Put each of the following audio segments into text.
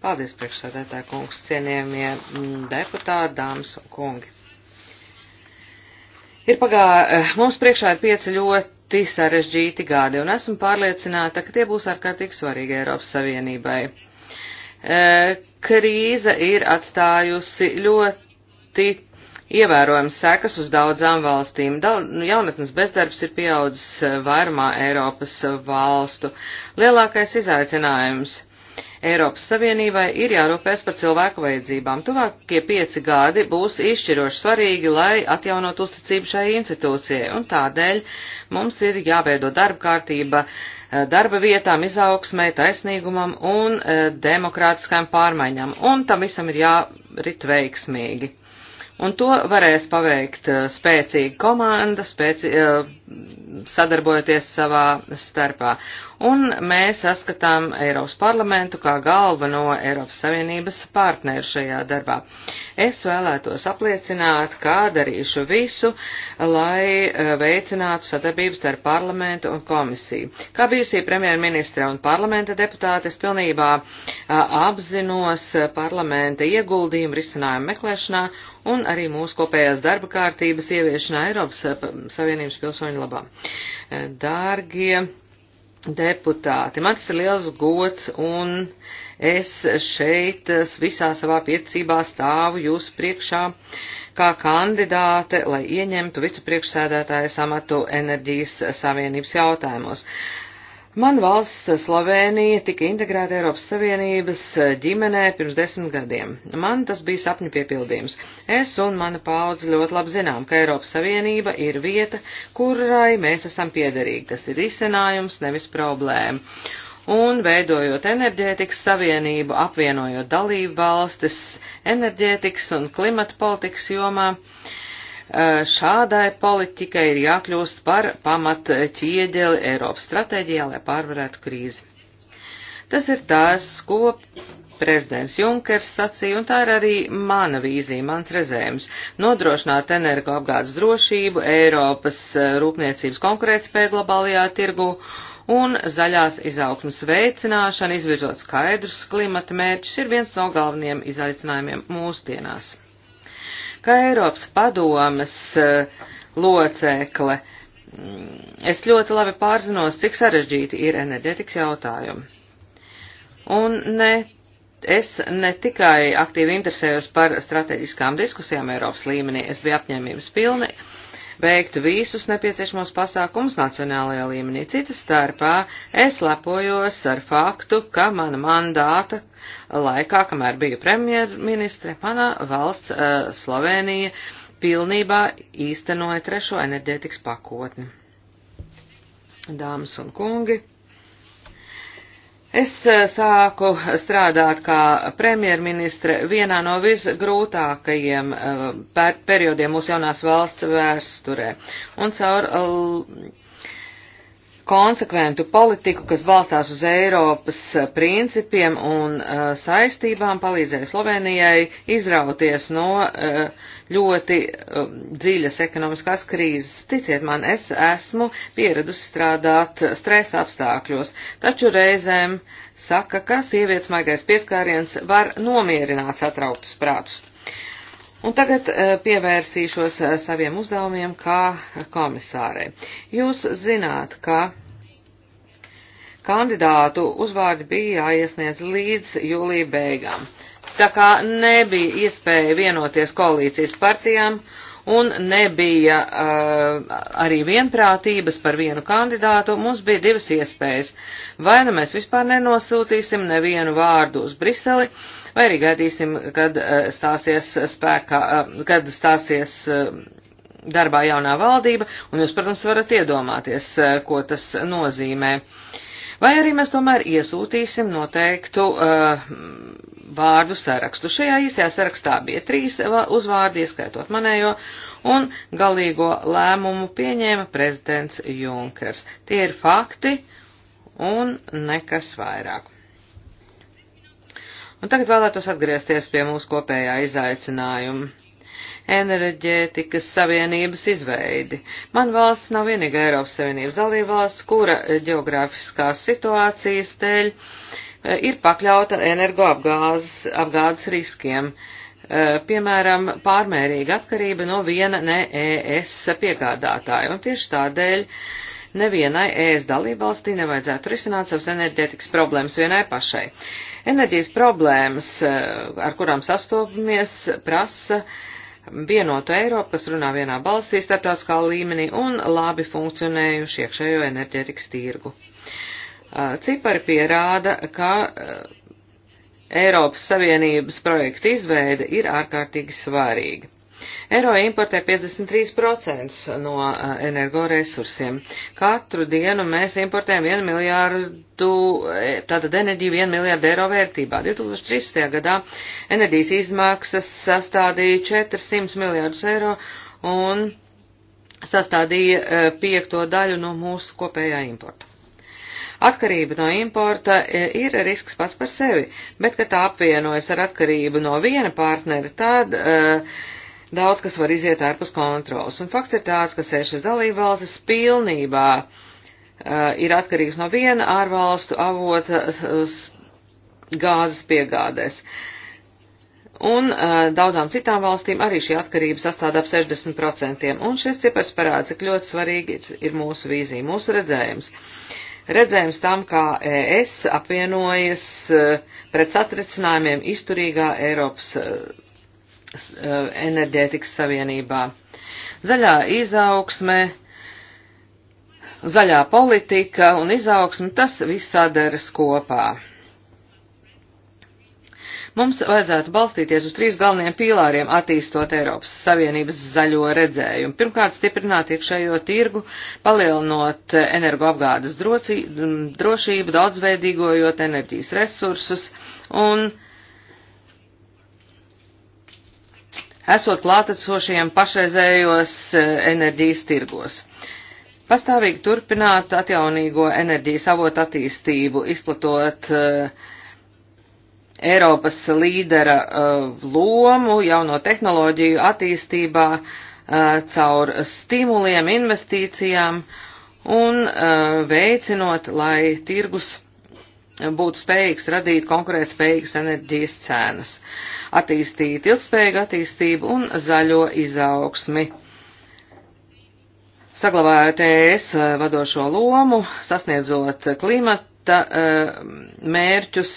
Paldies, priekšsēdētāji kungs, cienījamie mm, deputāti, dāmas un kungi. Ir pagā, eh, mums priekšā ir pieci ļoti sarežģīti gadi, un esmu pārliecināta, ka tie būs ārkārtīgi svarīgi Eiropas Savienībai. Eh, krīze ir atstājusi ļoti ievērojams sekas uz daudzām valstīm. Da, nu, jaunatnes bezdarbs ir pieaudzis eh, vairumā Eiropas valstu. Lielākais izaicinājums Eiropas Savienībai ir jārūpēs par cilvēku vajadzībām. Tuvākie pieci gadi būs izšķiroši svarīgi, lai atjaunot uzticību šai institūcijai, un tādēļ mums ir jāveido darba kārtība eh, darba vietām, izaugsmai, taisnīgumam un eh, demokrātiskajām pārmaiņām, un tam visam ir jārit veiksmīgi. Un to varēs paveikt eh, spēcīga komanda, spēcīga sadarbojoties savā starpā. Un mēs saskatām Eiropas parlamentu kā galveno Eiropas Savienības partneru šajā darbā. Es vēlētos apliecināt, kā darīšu visu, lai e, veicinātu sadarbību starp parlamentu un komisiju. Kā bijusī premjerministra un parlamenta deputāte, es pilnībā e, apzinos parlamenta ieguldījumu risinājumu meklēšanā un arī mūsu kopējās darba kārtības ieviešanā Eiropas e, Savienības pilsoņu Latviju labā. Dārgie deputāti, man tas ir liels gods un es šeit visā savā piecībā stāvu jūsu priekšā kā kandidāte, lai ieņemtu vicepriekšsēdētājas amatu enerģijas savienības jautājumos. Man valsts Slovenija tika integrēta Eiropas Savienības ģimenē pirms desmit gadiem. Man tas bija sapņu piepildījums. Es un mana paudze ļoti labi zinām, ka Eiropas Savienība ir vieta, kurai mēs esam piederīgi. Tas ir risinājums, nevis problēma. Un veidojot enerģētikas savienību, apvienojot dalību valstis enerģētikas un klimata politikas jomā, uh, Eh, šādai politikai ir jākļūst par pamat ķieģeli Eiropas stratēģijā, lai pārvarētu krīzi. Tas ir tās, ko prezidents Junkers sacīja, un tā ir arī mana vīzija, mans rezējums - nodrošināt energoapgādes drošību, Eiropas eh, rūpniecības konkurētspēju globālajā tirgu un zaļās izaugsmas veicināšana, izvirzot skaidrus klimata mērķus, ir viens no galvenajiem izaicinājumiem mūsdienās. Kā Eiropas padomas eh, locekle, mm, es ļoti labi pārzinos, cik sarežģīti ir enerģetikas jautājumi. Un ne, es ne tikai aktīvi interesējos par strateģiskām diskusijām Eiropas līmenī, es biju apņēmības pilni veikt visus nepieciešamos pasākums nacionālajā līmenī. Citas starpā es lepojos ar faktu, ka mana mandāta laikā, kamēr biju premjerministre, mana valsts uh, Slovenija pilnībā īstenoja trešo enerģētikas pakotni. Dāmas un kungi! Es eh, sāku strādāt kā premjerministre vienā no visgrūtākajiem eh, periodiem mūsu jaunās valsts vēsturē. Un caur konsekventu politiku, kas balstās uz Eiropas eh, principiem un uh, saistībām, palīdzēja Slovenijai izrauties no uh, ļoti uh, dziļas ekonomiskās krīzes. Ticiet man, es esmu pieradusi strādāt stresa apstākļos, taču reizēm saka, ka sievietes maigais pieskāriens var nomierināt satrauktus prātus. Un tagad eh, pievērsīšos eh, saviem uzdevumiem kā komisārai. Jūs zināt, ka kandidātu uzvārdi bija jāiesniedz līdz jūlija beigām. Tā kā nebija iespēja vienoties koalīcijas partijām un nebija uh, arī vienprātības par vienu kandidātu, mums bija divas iespējas. Vai nu mēs vispār nenosūtīsim nevienu vārdu uz Briseli, uh, vai arī gaidīsim, kad eh, stāsies spēkā, eh, kad stāsies eh, darbā jaunā valdība, un jūs, protams, varat iedomāties, ko tas nozīmē. Vai arī mēs tomēr iesūtīsim noteiktu uh, vārdu sarakstu. Šajā īstajā sarakstā bija trīs uzvārdi, ieskaitot manējo, un galīgo lēmumu pieņēma prezidents Junkers. Tie ir fakti un nekas vairāk. Un tagad vēlētos atgriezties pie mūsu kopējā izaicinājuma enerģētikas savienības izveidi. Man valsts nav vienīga Eiropas Savienības dalībvalsts, kura geogrāfiskās situācijas dēļ e, ir pakļauta energoapgādes riskiem. E, piemēram, pārmērīga atkarība no viena ne ES piegādātāja, un tieši tādēļ nevienai ES dalībvalstī nevajadzētu risināt savas enerģētikas problēmas vienai pašai. Enerģijas problēmas, eh, ar kurām sastopamies, prasa vienotu Eiropu, kas runā vienā balsī starptautiskā līmenī un labi funkcionējuši iekšējo enerģētikas tirgu. Eh, cipari pierāda, ka eh, Eiropas Savienības projekta izveide ir ārkārtīgi svarīga. Eiro importē 53% no eh, energoresursiem. Katru dienu mēs importējam 1 miljārdu, eh, tātad enerģiju 1 miljārdu eiro vērtībā. 2013. gadā enerģijas izmaksas sastādīja 400 miljārdus eiro un sastādīja eh, piekto daļu no mūsu kopējā importa. Atkarība no importa ir risks pats par sevi, bet, kad tā apvienojas ar atkarību no viena partnera, tad uh, daudz kas var iziet ārpus kontrols. Un fakts ir tāds, ka sešas dalībvalstis pilnībā uh, ir atkarīgs no viena ārvalstu avota uh, gāzes piegādēs. Un uh, daudzām citām valstīm arī šī atkarība sastāda ap 60%, un šis cipars parāda, cik ļoti svarīgi ir mūsu vīzija, mūsu redzējums. Redzējums tam, kā ES apvienojas uh, pret satricinājumiem izturīgā Eiropas uh, E, enerģētikas savienībā. Zaļā izaugsme, zaļā politika un izaugsme, tas viss sadaras kopā. Mums vajadzētu balstīties uz trīs galvenajiem pīlāriem attīstot Eiropas Savienības zaļo redzējumu. Pirmkārt, stiprināt iekšējo tirgu, palielinot energoapgādes drošību, daudzveidīgojot enerģijas resursus un uh, esot klātesošiem pašreizējos e, enerģijas tirgos. Pastāvīgi turpināt atjaunīgo enerģijas avotu attīstību, izplatot uh, Eiropas līdera uh, lomu jauno tehnoloģiju attīstībā uh, caur stimuliem, investīcijām un veicinot, lai tirgus būtu spējīgs radīt konkurētspējīgas enerģijas cenas, attīstīt ilgspējīgu attīstību un zaļo izaugsmi saglabājot ES eh, vadošo lomu, sasniedzot klimata eh, mērķus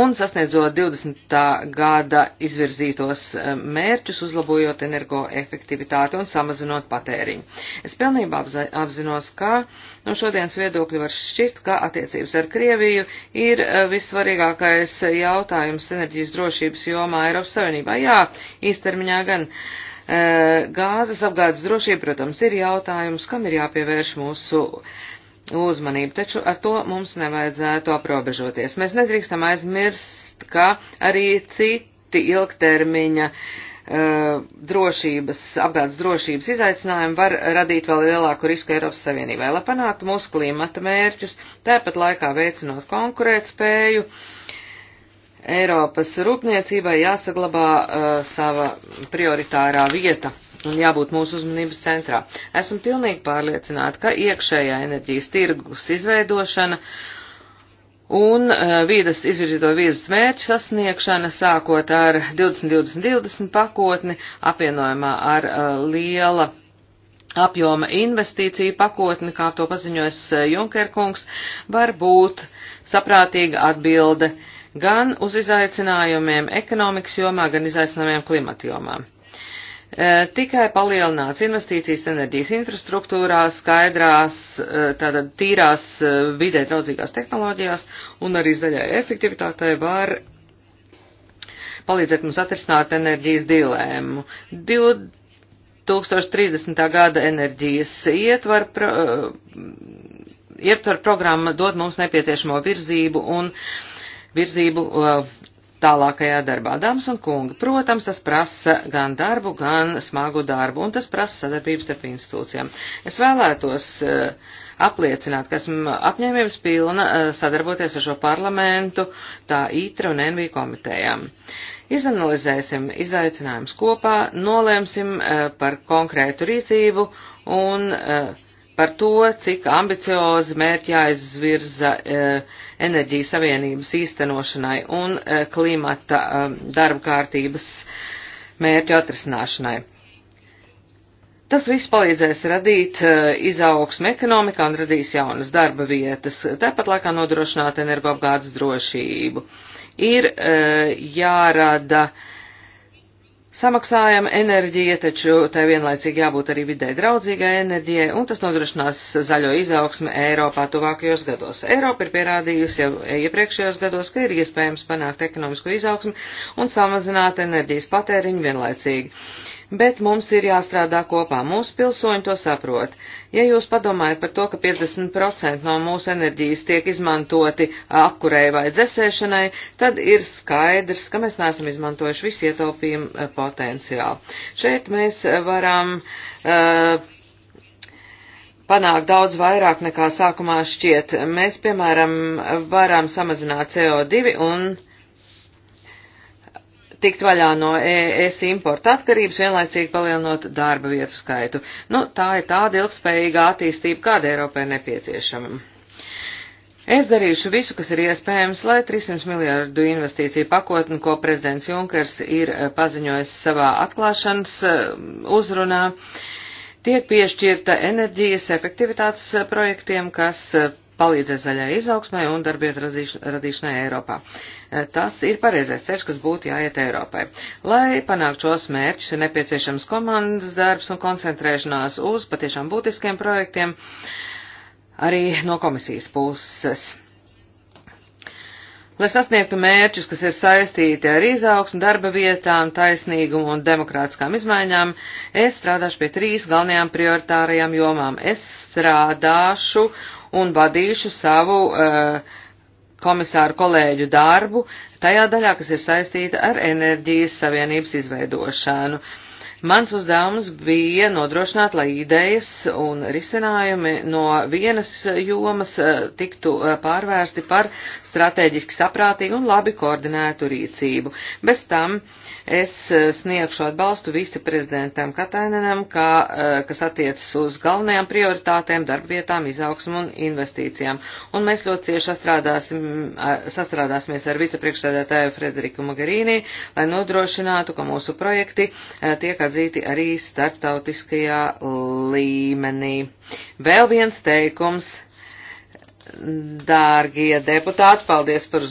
un sasniedzot 20. gada izvirzītos eh, mērķus, uzlabojot energoefektivitāti un samazinot patēriņu. Es pilnībā apzinos, ka no šodienas viedokļa var šķirt, ka attiecības ar Krieviju ir vissvarīgākais jautājums enerģijas drošības jomā Eiropas Savienībā. Jā, īstermiņā gan. Uh, Gāzes apgādes drošība, protams, ir jautājums, kam ir jāpievērš mūsu uzmanību, taču ar to mums nevajadzētu aprobežoties. Mēs nedrīkstam aizmirst, ka arī citi ilgtermiņa uh, drošības, apgādes drošības izaicinājumi var radīt vēl lielāku risku Eiropas Savienībai, lai panāktu mūsu klimata mērķus, tāpat laikā veicinot konkurētspēju spēju Eiropas rūpniecībai jāsaglabā uh, sava prioritārā vieta un jābūt mūsu uzmanības centrā. Esmu pilnīgi pārliecināta, ka iekšējā enerģijas tirgus izveidošana un uh, vīdas izvirzīto vīzas mērķu sasniegšana, sākot ar 2020-2020 pakotni, apvienojumā ar uh, liela apjoma investīciju pakotni, kā to paziņojas uh, Junkerkungs, var būt saprātīga atbilde uh, gan uz izaicinājumiem ekonomikas jomā, gan izaicinājumiem klimata jomā. E, tikai palielināts investīcijas enerģijas infrastruktūrā, skaidrās, e, tātad tīrās e, vidē draudzīgās tehnoloģijās un arī zaļai efektivitātei var palīdzēt mums atrisināt enerģijas dilēmu. 2030. gada enerģijas ietvar, pro, e, ietvar programma dod mums nepieciešamo virzību un uh, virzību uh, tālākajā darbā. Dāmas un kungi, protams, tas prasa gan darbu, gan smagu darbu, un tas prasa sadarbības starp institūcijām. Es vēlētos uh, apliecināt, ka esmu apņēmības pilna uh, sadarboties ar šo parlamentu, tā ITRA un NV komitejām. Izanalizēsim izaicinājumus kopā, nolēmsim par konkrētu rīcību un uh, par to, cik ambiciozi mērķi jāizvirza e, enerģijas savienības īstenošanai un e, klimata e, darba kārtības mērķu atrisināšanai. Tas viss palīdzēs radīt izaugsmu ekonomikā un radīs jaunas darba vietas, tāpat laikā nodrošināt energoapgādes drošību. Ir jārada uh, Samaksājam enerģiju, taču tai vienlaicīgi jābūt arī vidē draudzīgai enerģijai, un tas nodrošinās zaļo izaugsmu Eiropā tuvākajos gados. Eiropa ir pierādījusi jau iepriekšējos gados, ka ir iespējams panākt ekonomisko izaugsmu un samazināt enerģijas patēriņu vienlaicīgi. Uh, bet mums ir jāstrādā kopā. Mūsu pilsoņi to saprot. Ja jūs padomājat par to, ka 50% no mūsu enerģijas tiek izmantoti apkurei vai dzesēšanai, tad ir skaidrs, ka mēs neesam izmantojuši visu ietaupījumu eh, potenciālu. Šeit mēs eh, varam. Uh, eh, panāk daudz vairāk nekā sākumā šķiet. Mēs, piemēram, varam samazināt CO2 un uh, tikt vaļā no ES importa atkarības, vienlaicīgi palielinot darba vietu skaitu. Nu, tā ir tāda ilgspējīga attīstība, kāda Eiropai nepieciešama. Es darīšu visu, kas ir iespējams, lai 300 miljārdu investīciju pakotni, ko prezidents Junkers ir eh, paziņojis savā atklāšanas eh, uzrunā, tiek piešķirta enerģijas efektivitātes eh, projektiem, kas palīdzēs zaļai izaugsmai un darbietu radīšanai Eiropā. Eh, tas ir pareizais ceļš, kas būtu jāiet Eiropai. Lai panāktu šos mērķus, ir nepieciešams komandas darbs un koncentrēšanās uz patiešām būtiskiem projektiem arī no komisijas puses. Lai sasniegtu mērķus, kas ir saistīti ar izaugsmu, darba vietām, taisnīgumu un demokrātiskām izmaiņām, es strādāšu pie trīs galvenajām prioritārajām jomām. Es strādāšu un vadīšu savu uh, komisāru kolēģu darbu tajā daļā, kas ir saistīta ar enerģijas savienības izveidošanu. Uh, Mans uzdevums bija nodrošināt, lai idejas un risinājumi no vienas jomas eh, tiktu eh, pārvērsti par strateģiski saprātīgu un labi koordinētu rīcību. Bez tam es eh, sniegšu atbalstu viceprezidentam Katainenam, kā, kas attiecas uz galvenajām prioritātēm, darbvietām, izaugsmu un investīcijām. Un mēs ļoti cieši sastrādāsimies ar vicepriekšsēdētāju Frederiku Magarīnī, lai nodrošinātu, ka mūsu projekti tiek atzīti arī starptautiskajā līmenī. Vēl viens teikums. Dārgie deputāti, paldies par